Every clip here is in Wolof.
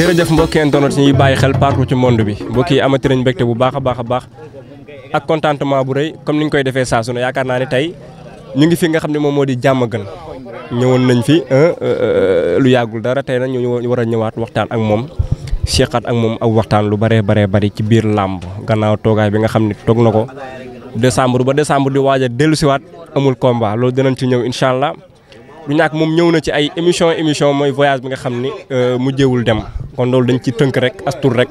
jërëjëf mbokkeen donot ñuy bàyyi xel partout ci monde bi mbokk yi amati nañ mbégte bu baax a baax a baax ak contentement bu rey comme ni ñu koy defee saa su yaakaar naa ne tey ñu ngi fi nga xam ne moom moo di jàmm gën ñëwoon nañ fi euh, euh, lu yàggul dara tey nag ñu war a ñëwaat waxtaan ak moom seqaat ak moom aw waxtaan lu bëree baree bari ci biir làmb gannaaw toogaay bi nga xam ne toog na ko décembre ba décembre di waaj a dellusiwaat amul combat loolu dinañ ci ñëw incha allah du ñàkk moom ñëw na ci ay émission émission mooy voyage bi nga xam ni euh, mujjewul dem kon loolu dañ ci tënk rek astur rek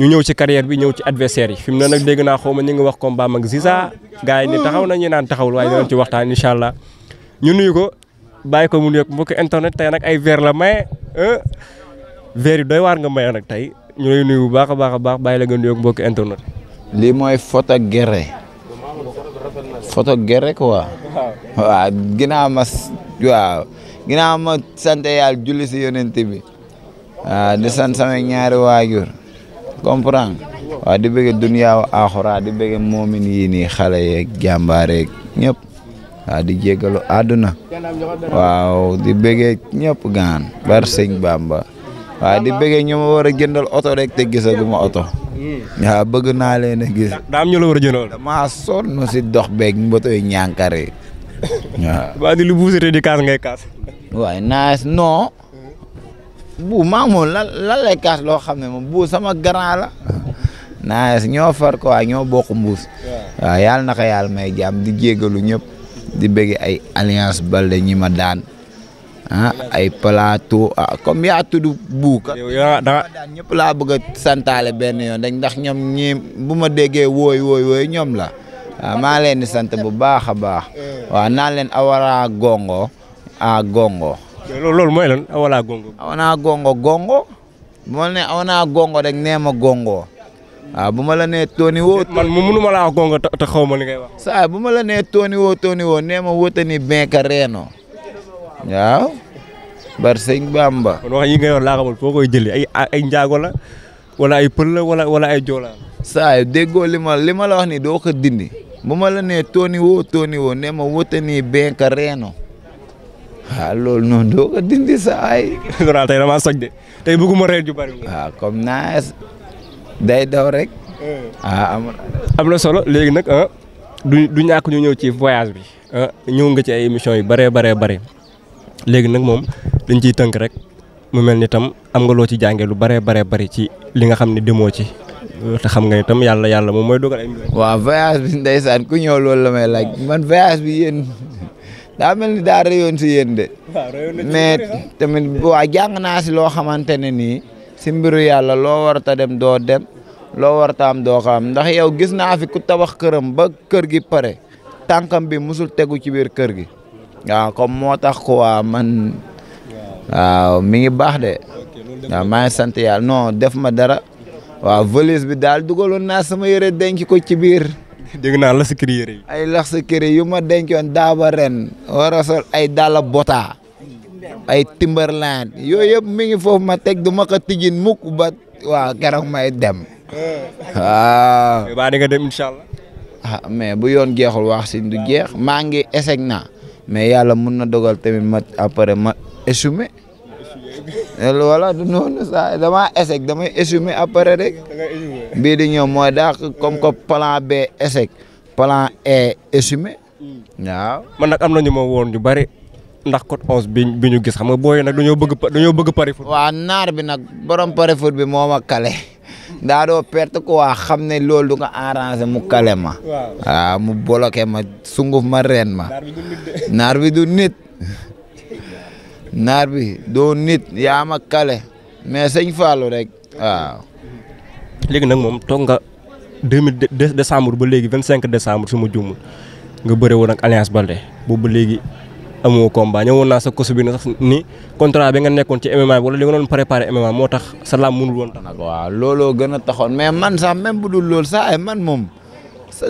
ñu ñëw ci carrière bi ñëw ci adversaire yi fi mu ne nag dégg naa xaw ma ñu ngi wax combat mag Ziza gars yi ni taxaw na ñu naan taxawul waaye dinañ ci waxtaan incha allah ñu nuyu ko bàyyi ko mu nuyoog mbokk internet tey nag ay verre la maye euh. verre yi waar nga maye nag tey ñu lay nuyu bu baax a baax a baax bàyyi la nga nuyoog mbokk internet. lii mooy photo guerre photo guerre quoi. waaw ginnaaw ma waaw ginnaaw ma si yonent bi waaw di sant sama ñaari waajur comprendre waaw di bëgg duniyaaw aaxuraa di bëgg moomin yii nii xale yeeg jàmbaareeg ñëpp waaw di jéggalu àdduna waaw di bëgg ñëpp gaan bar sëñ Bamba waaw di bëggee ñu ma war a jëndal oto rek te gisaguma oto. Hmm. waaw bëgg naa leen a gis. daa am ñu la war a jëndal. damaa sonn si dox beeg mbatoy ñànkare waaw. waa di lu buusatee di kaas ngay kaas. waaye naa non. bu loo xam ne moom bu sama grand la. naa ñoo far ko waa ñoo bokk mbuus. waaw yàlla naka yàlla may jàmm di jégalu ñëpp. di bëgg ay alliance balde ñi ma daan. ah ay plateau ah comme yaa tudd buuk. Ah, da ñëpp laa bëgg a santaale benn yoon ndax ñoom ñii bu ma déggee wooy wooy wooy ñoom la waaw ah, maa leen di sant bu baax a baax. waa naa leen awara gongo a ah, gongo. loolu mooy lan awara gongo. awana gongo gongo. bu ma la nee gongo rek nee ma gongo. waaw bu ma la nee tooni woo. man munu ma laa gongo te xaw ma li ngay wax. saa bu ma la nee tooni woo tooni woo nee ma ka reeno waaw. bar sëñ Bamba. kon wax yi nga yor laa xamul foo koy jëlee ay ay njaago la wala ay pël la wala wala ay joola la. saa yu déggoo li ma li wax ni doo ko dindi. bu ma la nee tooni woo tooni woo nee ma wote nii benka reeno waaw loolu noonu doo ko dindi saa yi. loolu tey damaa soj de tey bëgguma reer ju bari. waaw comme naa day daw rek. ah am na solo léegi nag ah, du du ñàkk ñu ñëw ci voyage bi. Ah, ñëw nga ci ay émissions yu bëree baree bëri légui nak mom dañ ciy teunk rek mu melni tam am nga lo ci jàngee lu bare bare bare ci li nga xamni demo ci ta xam nga tam yalla yalla moom moy dogal ay wa voyage bi ndeysaan ku ñew lool la may laaj man voyage bi yeen da melni da rayon ci yeen de mais ah. tamit waa jàng naa si loo xamante ne nii si mbiru lo war ta dem do dem war ta am do xam ndax yow gis na fi ku tabax kërëm ba kër gi pare tankam bi musul teggu ci bir kër gi waaw comme moo tax waa man. waaw mi ngi baax de. waaw maa ngi sant yàlla non def ma dara. waaw valise bi daal dugaloon naa sama yére denc ko ci biir. dégg naa la sa kër yi. ay lax sa yu ma dencoon daaba ren war ay dàlla bota ay Timberland yooyu yëpp mi ngi foofu ma teg du ma ko tijjin mukk ba waa keroog may dem. waaw. baa ah, mais bu yoon jeexul wax si du jeex maa ngi eseg naa. mais yàlla mun na dogal tamit ma après ma échoué voilà du noonu saa damaa échec damay échoué après rek bii di ñëw mooy daax comme que plan B échec plan E échoué hmm. waaw. man nag am nañu moo ma woon ñu bari ndax code onze bi bi ñu gis xam nga booy nag dañoo bëgg dañoo bëgg pari foot. waaw naar bi nag borom pari foot bi moo ma kale. daa doo perte quoi xam ne loolu du ko arrangé mu kale ma. waaw mu bloqué ma sunguf ma reen ma. naar bi du nit. naar bi doo nit yaa ma kale mais sëñ Fallou rek waaw. léegi nag moom toog nga deux mille décembre ba léegi vingt cinq décembre su ma juumul nga bëre woon ak Alliance Baldé boobu ba léegi. amu combat ñëwoon na sa kosu bi na sax ni contrat bi nga nekkon ci MMA wala li nga non préparer MMA motax tax sa lam mënul won tax. waaw looloo gën a taxoon mais man sa même bu dul loolu sax ay e man mom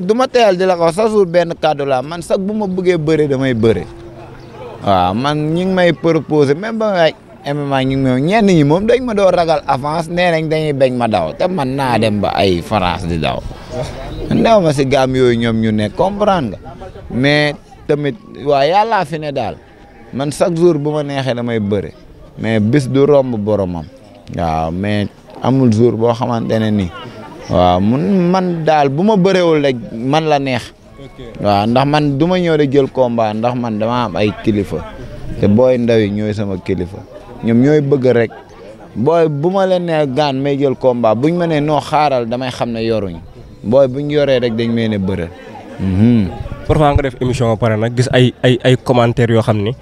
duma teyal di la ko sa suur ben cadeau la man sax buma ma bëré damay bëré wa man ñi ngi may proposer même ba ay MMA ñi ngi ñen ñi mom dañ ma do ragal avance nee nañ dañuy bañ ma daw te man na dem ba ay France di daw. ndaw ma si gam yoy ñom ñu ne comprendre nga mais. tamit waa yàllaa fi ne daal man chaque jour bu ma neexee damay bëre mais bis du romb boromam waaw mais amul jour boo xamante ne ni waaw mun man daal bu ma bërewul rek man la neex waaw ndax man duma ma ñëw rek jël combat ndax man dama am ay kilifa te booy ndaw yi ñooy sama kilifa ñoom ñooy bëgg rek booy bu ma leen nee gaan may jël komba buñ ma nee noo xaaral damay xam ne yoruñ booy buñ yoree rek dañ may ne parfois nga def émission ba pare nag gis ay ay yoo xam ni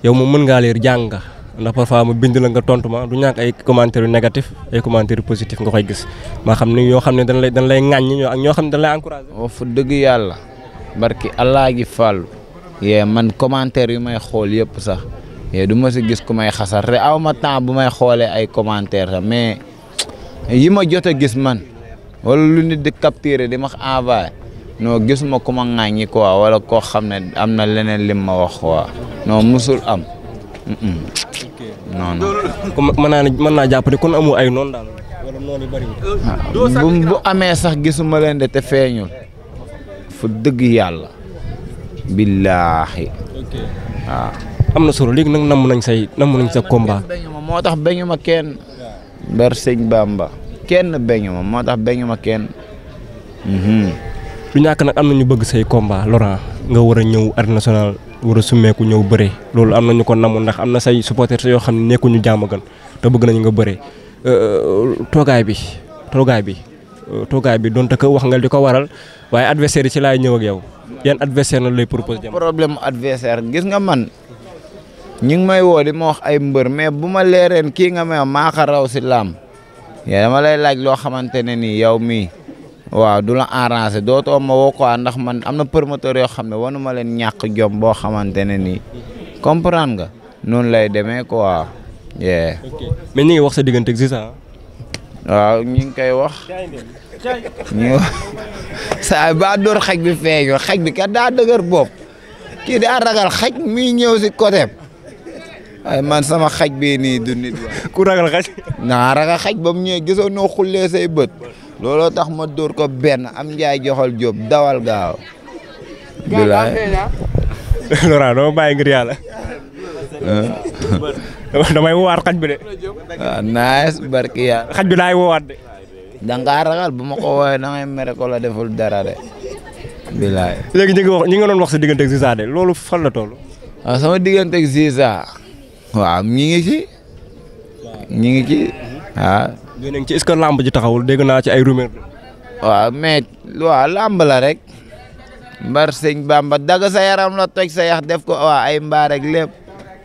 yow moom mën ngaa leer jàng nga ndax parfois mu bind la nga tontu ma du ñàkk ay commentaires yu négatif ay commentaires yu positif nga koy gis yoo xam ne dañ lay dañ lay ŋàññi ak ñoo xam ne dañ lay encouragé. of dëgg yàlla barki allah gi fàllu yee man commentaire yu may xool yëpp sax du ma si gis ku may xasar aw ma temps bu may xoolee ay commentaires sax mais yi ma jot a gis man wala lu nit di capturer di ma envoyé. No gisuma ku ma ŋàññi quoi wala ko xamne amna am leneen lim ma wax quoi non musul am. non non. mën naa mën naa kon amu ay non dal wala non yi bari ah, bu bu amé sax gisuma len de te feeñul fu deug yalla billahi waaw. Ah. am solo lig nak namm nañ say namm nañ sa combat. motax beñuma ken ber seigne Bamba. ken beñuma motax beñuma ken bañu mhm. du ñàkk nag am na ñu bëgg say combat Laurent nga war a ñëw arène nationale war a summeeku ñëw bëre loolu am na ñu ko namu ndax am na say supporters yoo xam ne nekkuñu ñu gën te bëgg nañu nga bëre euh, euh, toogaay bi toogaay bi euh, toogaay bi donte ko wax nga di ko waral waaye adversaire yi ci laay ñëw ak yow yan adversaire la lay proposé. problème adversaire gis nga man ñi ngi may woo di ma wax ay mbër mais bu ma leereen kii nga may maa ko raw si laam yaa dama loo xamante ne nii yow mii. waaw du la arrangé dootoo ma woo quoi ndax man am na promoteur yoo xam ne wanu ma leen ñàkk jom boo xamante ne nii comprend nga noonu lay demee quoi. ok mais ñu ngi wax sa diggante si ça. Ah? waaw ñu ngi koy wax. ñu saa ba door xaj bi feeñoo xaj bi kat daa dëgër bopp kii daa ragal xaj muy ñëw si côté ay man sama xaj bi nii du nit. ku ragal xaj. naa ragal xaj ba mu ñëwee gisoo noo xullee say bët. Lolo tax ma dor ko ben am jaay joxol job dawal gaaw. bilay lora dama bàyyi ngir yalla damay woowaat war xajbi de. Ah, nice barki ya xajbi lay wo woowaat de. da nga ragal buma ko woy da ngay mere ko la deful dara de. bilay legi ñu ngi wax ñi nga doon wax ci diggante Ziza de lolu fal la tolu ah, sama diggante Ziza. wa ñi ngi ci. ñi ngi ci ah yéen a ngi ci est-ce que làmb ji taxawul dégg naa ci ay rumeur. waaw mais waaw làmb la rek. mbar sëñ Bamba dagg sa yaram la toj sa yax def ko waa ay mbaar ak lépp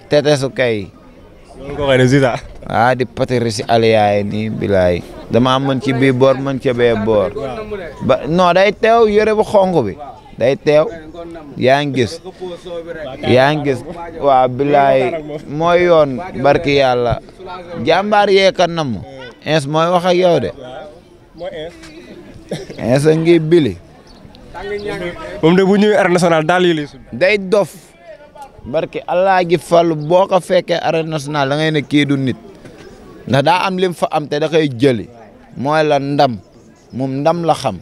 tetesu kay. loolu ko xëy na Ziza. ah di patiri si aliyaay nii bilaay damaa mën ci bii boor mën ci bee boor. ba day teew yore bu xonk bi day teew yaa ngi gis yaa ngi gis waa bilaay mooy yoon barki yàlla jàmbaar yeekan ya, na ins moy wax ak yow de ins ES ngi billi moom de bu ñëwee arène nationale daal yi lay day dof barke allah gi fal boko fekke fekkee arène da ngay ne ki du nit ndax da am lim fa am te da kay jeli moy la ndam mom ndam la xam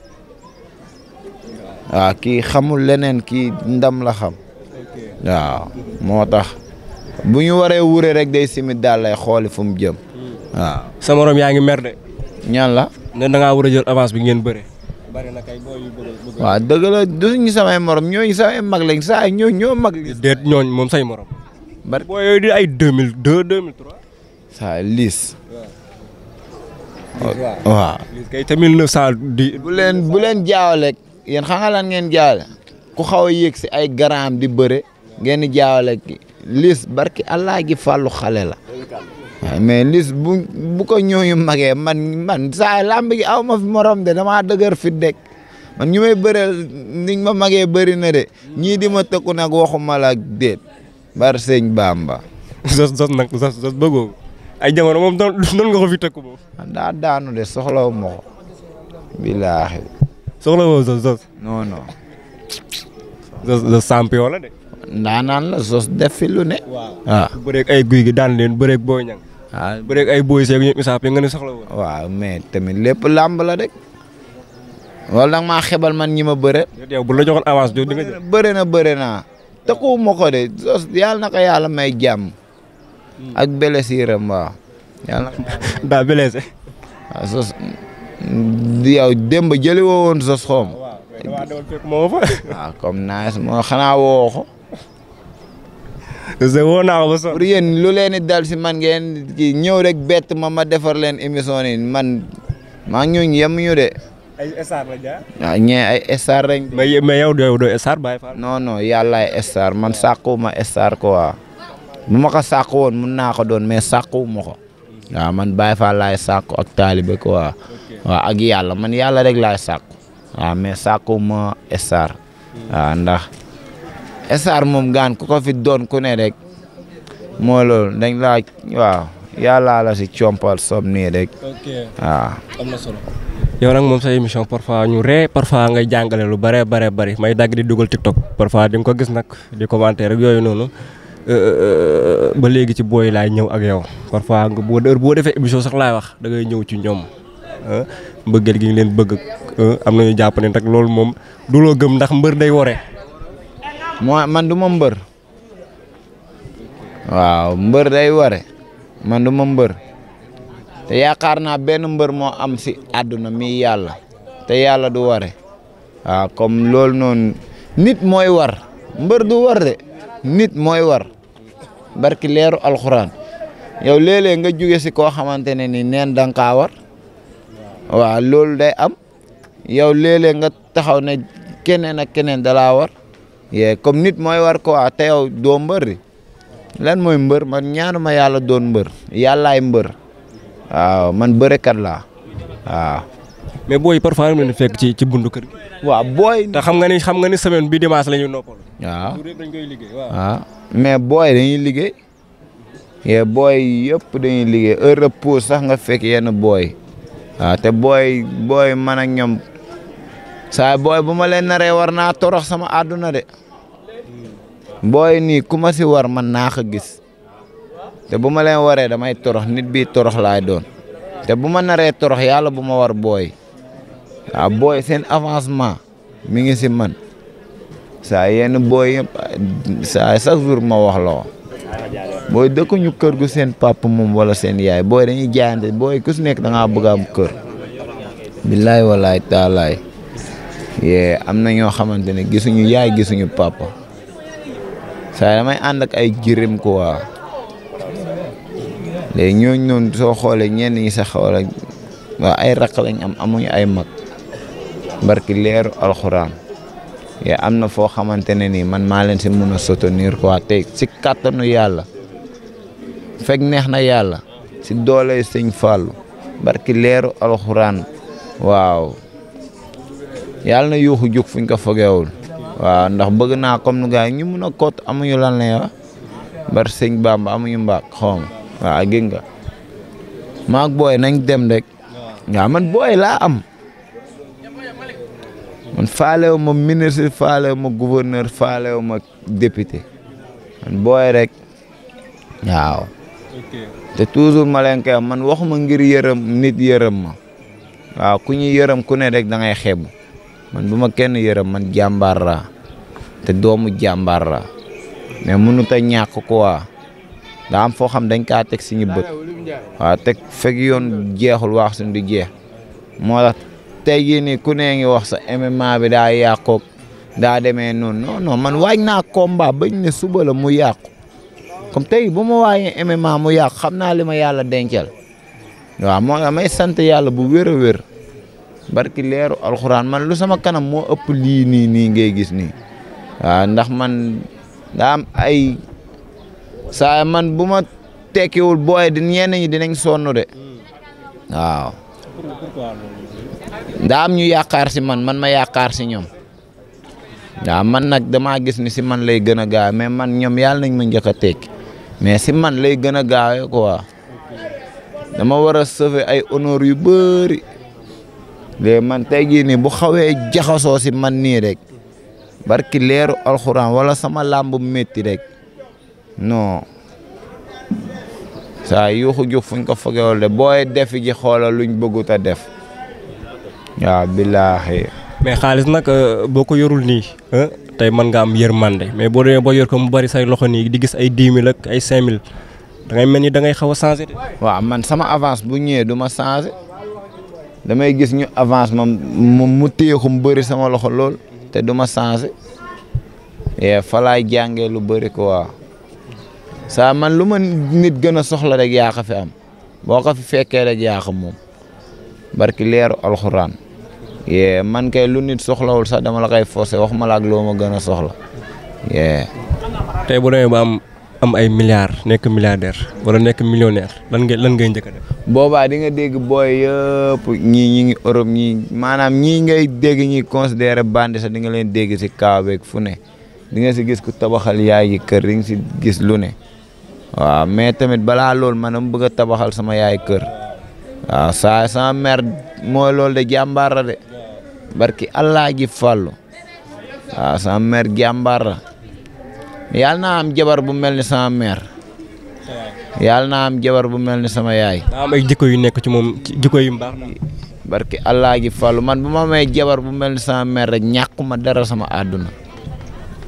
waaw ah, ki xamul lenen ki ndam la xam waaw motax bu ñu rek day simi daal lay xooli fu mu jëm Ah. sama rom yang merde nyala, mer de. ñaan la. ne da ngaa war a jël avance bi ngeen bëre. bari na kay booy yu bëgg waaw dëgg la du ñu samay morom ñooñu samay mag lañ saa ñoo ñoo mag. déet ñooñ moom say morom. bari booy yooyu di ay deux mille deux deux mille trois. saa kay di. bu leen bu leen jaawale yéen xam lan ngeen jaawale. ku xaw a si ay garaam di bëre. ngeen jaawale lis barki allah gi fàllu xale la. mais lis bu bu ko ñooñu magee man man saa làmb gi aw ma fi morom de ma dëgër fi dek man ñu may bëreel niñ ma magee bëri na de ñii di ma tëkku nag waxuma la ak déet bar sëñ Bamba. sos sos nag sos sos ay jamono moom noonu nga ko fi tëkku moom. daa daanu de soxlawu ma ko. soxla woo sos sos. non non. sos sos champion la de. ndaanaan la sos def fi ne. waaw waaw ah. bëreeg ay guy gi daan leen bëreeg boo ñang ah bu ay boy seeg ñoom Issa Pé nga ne soxla woon. waaw mais tamit lépp làmb la rek. maa xebal man ñi ma bëre. yow bu la joxoon avance na bëre naa. tëkkuwu ma ko de yàlla na ko yàlla may jàmm. Hmm. ak blessiram waaw. yàlla na ko daa blessé. waaw sos yow démb jëli woo woon sos xoom. waaw comme moo xanaa woo parce que woo naa lu leen di dal si man ngeen kii ñëw rek bett ma ma defar leen émission man ma ngi ñooñu yemuñu de. ay star rek. mais mais doo doo star Baye Fall. non non man sàkkuwuma star quoi bu ma ko sàkku woon mun naa ko doon mais sàkkuwuma ko. waaw man Baye Fall laay sàkku ak taalibe quoi. waaw ak yàlla man yàlla rek laay sàkku. waaw mais sàkkuwuma star. ndax. estar moom gaan ku ko fi doon ku ne rek moo loolu dañ laa waaw yàllaa la si compal sob nii rek. ok na solo. yow nag moom sa émission parfois ñu ree parfois ngay jàngale lu bare bare bari may dagg di dugal TikTok parfois di nga ko gis nag di commenter rek yooyu noonu euh, euh, ba léegi ci booy laay ñëw ak yow parfois nga boo heure boo defee émission sax laay wax da ngay ñëw ci ñoom mbëggeel gi ngi leen bëgg am nañu jàpp ne rek loolu moom du loo gëm ndax mbër day wore mandu member, wow member day war ya? mandu member. te ya karna ben member mo am si aduna mi yalla te yalla du waré ya? Ah comme lol non nit moy war member du war de nit moy war barki leru alquran yow lele nga jóge si ko xamantene ni nen dang ka war wa lol day am yow lele nga taxaw ne kenen ak da la war ye comme nit moy war ko a te yow doo lan moy mbeur man ñaanuma yalla doon yalla ay mbeur waaw man kat la waaw mais boy parfois ñu leen fekk ci ci bundu kër wa boy ta xam nga ni xam nga ni semaine bi dimanche lañu noppal waaw du rek dañ koy liggéey waaw mais boy dañuy liggéey ye boy yëpp dañuy liggéey heure repos sax nga fekk yenn boy waaw te boy boy man ak ñom sa boy buma len naré warna war torox sama aduna de booy nii ku ma si war man naa ko gis te bu ma leen waree damay torox nit bii torox laay doon te bu ma naree torox yàlla bu ma war booy waaw booy seen avancement mi ngi si man saa yenn booy yëpp saa chaque jour ma wax loo booy dëkkuñu kër gu seen papa moom walla seen yaay booy dañuy jaayante booy ku nekk danga ngaa bëgg am kër. billaay walaay taalaay yee am na ñoo xamante ne gisuñu yaay gisuñu papa. saa damay ànd ak ay jërëm quoi léegi ñooñu noonu soo xoolee ñenn ñi sax wala waa ay raq lañ am amuñu ay mag barki leeru alxuraan yaa am na foo xamante ne nii man maa leen si mën a soutenir quoi te si kàttanu yàlla fekk neex na yàlla si doole sëñ Fallou barki leeru alxuraan waaw yàlla na yuuxu jug fuñ ko fogewul waaw ndax bëgg naa comme gars yi ñu mun a koot amuñu lan lay wax bar sëñ Bamba amuñu mbaak xaw ma waaw gis nga maag booy nañ dem rek waaw man booy laa am man faalewu ma ministre faalewu ma gouverneur faalewu ma député man booy rek waaw te toujours ma leen koy man waxuma ngir yërëm nit yërëm ma waaw ku ñuy yërëm ku ne rek da ngay xeebu man bu ma kenn yërëm man jàmbaar laa te doomu jàmbaar laa mais te a ñàkk quoi daa am foo xam dañ kaa teg suñu bët waaw teg fekk yoon jeexul wax suñ du jeex moo tax ku nee ngi wax sa MMA bi daa yàqoog daa deme noonu non non man waaj naa combat bañ ne subala mu yàqu comme tey bu ma waajee MMA mu yàqu xam naa li ma yàlla dencal moo may sant yàlla bu wér a barki leeru alquran man lu sama kanam mo upp nih ni nih, ngay gis ni ndax man da am ay sa man buma teki tekkiwul boy di ñen ñi dinañ sonu de waaw da am ñu yaqar si man man ma yaqar si ñom da man nak dama gis ni si man lay gëna a gaaw mais man ñom yal nañ ma teki mais ci man lay naga a gaawee quoi dama wara sauver ay honneur yu beuri léegi man tay gi ni bu xawé jaxoso ci man ni rek barki leeru alquran wala sama lamb metti rek non saa yuuxu jug fuñ ko fogewal de boy def gi xolal luñ bëggu ta def ya billahi mais xaliss nak euh, boko yorul yorul hein tay man nga am yermande mais bo demee bo yor ko mu bari say loxo nii di gis ay 10000 ak ay 5000 da ngay melni da ngay xawa changer wa man sama avance bu ñëwee duma changer damay gis ñu avance ma mu téexum bëri sama loxo lool te du ma changé yee fa laay jàngee lu bëri quoi saa man lu ma nit gën a soxla rek yaa ko fi am boo ko fi fekkee rek yaa ko moom barki leeru alxuraan yee man kay lu nit soxlawul sax dama la koy forcé wax ma la ak ma gën a soxla yee tey bu demee ba am am ay milliards nek milliardaire wala nek millionnaire lan ngay lan ngay njëkk a def. boba di nga dégg boy yëpp ñi ñi ngi Europe ñi manam ñi ngay dégg ñi considérer bande sa di nga leen dégg ci kaaweeg fu ne di nga ci gis ku tabaxal yaay yi kër di nga gis lu ne wa mais tamit bala loolu manam bëgg tabaxal sama yaay kër wa sa sa mer mo lol de jambar de barki Allah gi fallu wa sa mer jambar yàlla naa am jabar bu mel ni sama mère. yàlla naa am jabar bu mel ni sama yaay. daa nekk ci yu baax allah ji fàllu man bu ma may jabar bu mel ni sama mère rek ñàkkuma dara sama àdduna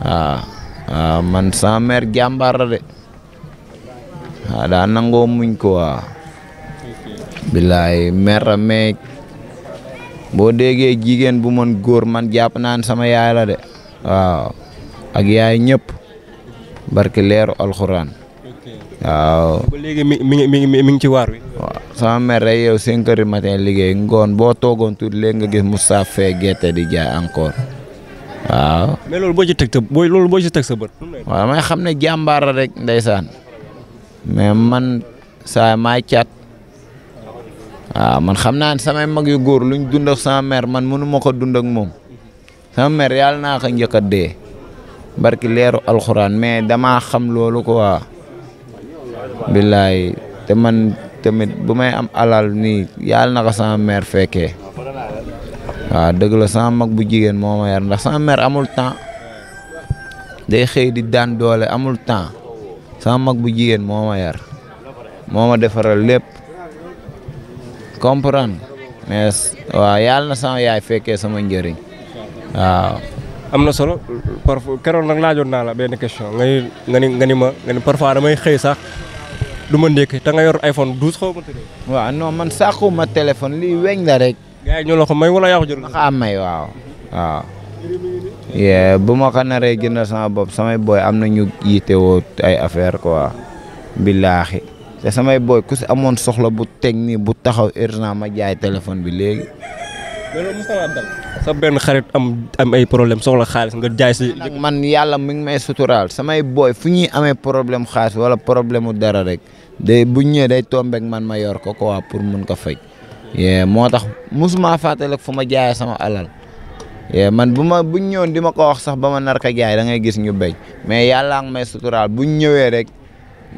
waaw waaw man sama mère jàmbaar la de waaw daa nangoo muñ ko waaw. billaay mère meeg boo déggee jigéen bu mën góor man jàpp naan sama yaay la de waaw ak yaay ñëpp. barki leeru alquran waaw. ba léegi mi mi mi mi ngi ci wi. sama mère rek yow 5 h du matin liggéey ngoon boo toogoon tuuti léegi nga gis Moussa Faye gerte di jaay encore waaw. mais loolu boo ci teg sa booy loolu boo ci teg sa bët. waaw may xam ne rek ndeysaan mais man saa maay caat waaw man xam naa samay mag yu góor luñ dund ak sama mère man mënu ma ko dund ak moom sama mère yàlla naa ko njëkk a dee. barki leeru alxuraan mais damaa xam loolu quoi billaay te man tamit bu may am alal nii yàlla na ko sama mère fekkee waaw dëgg sama mag bu jigéen moo ma yar ndax sama mère amul temps day xëy di daan doole amul temps sama mag bu jigéen moo ma yar moo ma defaral lépp comprendre mais waaw yàlla na sama yaay fekkee sama njëriñ waaw. am na solo parfois keroog nag laajoon naa la benn question nga ni ma nga ni parfois xëy sax du ma ndékki ta nga yor iPhone 12 xaw ma tëddee. waaw man sàqu ma téléphone lii weñ la rek. gars yi ñu la ko may wala waaw waaw. bu ma ko naree gënal sama bopp samay booy am na ñu yitewoo ay affaire quoi billaahi te samay booy ku si amoon soxla bu teg nii bu taxaw urgent ma jaay téléphone bi léegi. loolu mos la dal. sa benn xarit am am ay problème soxla xaalis nga jaay si. man yàlla mi ngi may sutural samay booy fu ñuy amee problème xaalis wala problème dara rek day bu ñëwee day tombeek man ma yor ko quoi pour mun ko faj. moo tax mosuma fàttaliku fu ma jaay sama alal. man bu ma buñ ñëwoon di ma ko wax sax ba ma nar ko jaay da ngay gis ñu béy mais yàlla ngi may sutural bu ñëwee rek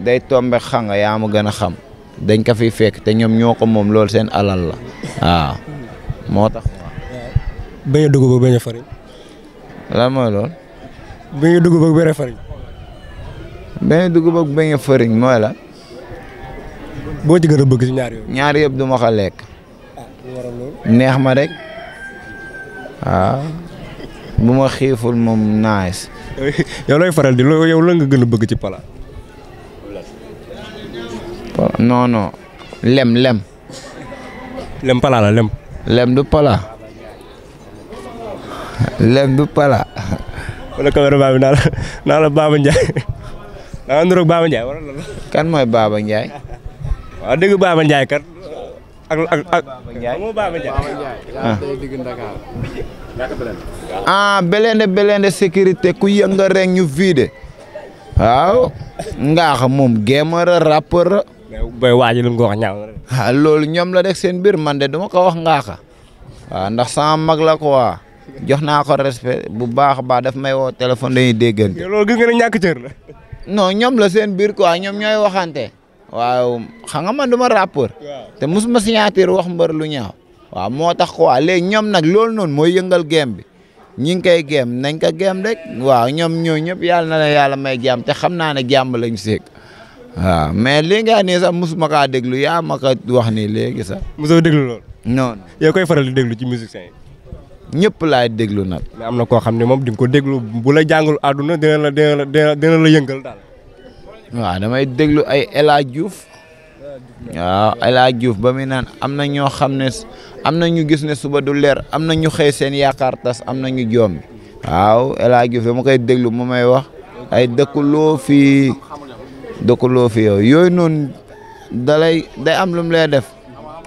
day tombe xanga nga yaa ma gën a xam dañ ka fiy fekk te ñoom ñoo ko moom loolu seen alal la waaw moo tax. ya a dugub ak bañ a fariñ. lan mooy lool. bañ a dugub ak bañ a fariñ. bañ a dugub ak bañ a fariñ mooy la. boo ci gën a bëgg ci ñaar yooyu. ñaar yëpp du ma ko lekk. Ah, neex ma rek. waaw. bu ma xiiful moom yow lay faral di loolu yow la nga gën a bëgg ci pala. non non lem lem. lem pala la lem. lem du pala lem du pala. wala caméraman bi naa la naa la Baba kan mooy Baba Ndiaye. waaw dégg Baba Ndiaye ku yënga rek ñu vider. waaw. Ngaax moom gémara rappeur mais waa ji lu mu ko wax ñaaw loolu ñoom la rek seen mbir man de duma ko wax ngaaka waaw ndax sama mag la waa jox naa ko respect bu baax a baax daf may woo téléphone dañuy déggante. loolu gis nga ne ñàkk la. non ñoom la seen biir quoi ñoom ñooy waxante. waa xam man du ma rappeur. te mosuma signature wax mbër lu ñaaw. waaw moo tax quoi léegi ñoom nag loolu noonu mooy yëngal game bi ñi ngi koy game nañ ko game rek waaw ñoom ñoo ñëpp yàlla na la yàlla may jaam te xam naa ne jàmm lañ seeg. waaw mais li nga nii sax mosuma kaa déglu yaa ma ko wax nii léegi sax. mosoo déglu loolu. non non yow koy faral di déglu ci musiciens yi. ñëpp laay déglu nag. mais am na koo xam ne moom di ko déglu bu la jàngul àdduna dina la dina la la yëngal daal. waaw damay déglu ay El Hadj Diouf waaw El ba muy naan am na ñoo xam ne am na gis ne suba du leer am na ñu xëy seen yaakaar tas am na ñu déglu mu may wax ay dëkkuloo fii lo fi yow yoy non da day am lum lay def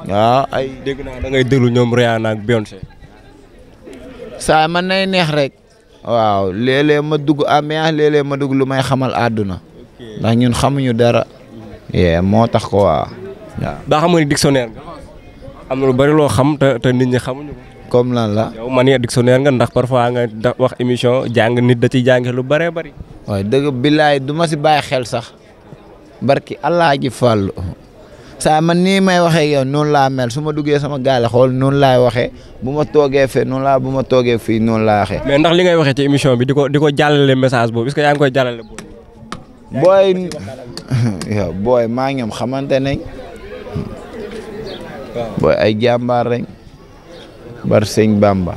waaw ah, ay. deug na da ngay déglu ñom Rihanna ak Beyoncé. sa man nay neex rek. waaw lele ma dugg ambiance ah, ah, lele ma dugg lu may xamal aduna ndax ñun xamuñu dara. ye moo tax ko wa da daa ni dictionnaire am na lu bari lo xam te te nit ñi xamuñu ko. comme lan la. yow man ya, dictionnaire nga ndax parfois nga wax émission jang nit da ci lu bari bari deug billahi duma ci baye xel sax. barki Alaaji Fàllu saa man nii may waxee yow noonu laa mel su ma duggee sama gaale xool noonu laay waxee bu ma toogee fee noonu laa bu ma toogee fii noonu laa waxee. mais ndax li ngay waxee ci émission bi di ko di ko jàllale message boobu est-ce que yaa ngi koy jàllale. booy booy maa ngi xamante nañ. booy ay jàmbaar rek bar sëñ Bamba.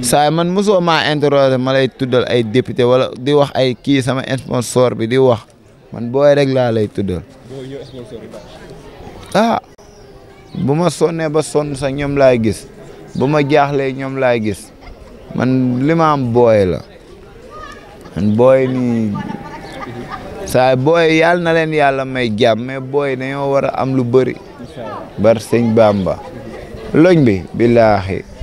saay man mosoo maa interroger ma lay tuddal ay député wala di wax ay kii sama sponsor bi di wax. man boy rek la lay tuddal. ah buma sonne ba son sa ñom lay gis buma jaxlé ñom lay gis man lima ma am booy la man boy ni sa boy yal na len yalla may jam mais boy dañu wara am lu bari bar sëñ Bamba. loñ bi billahi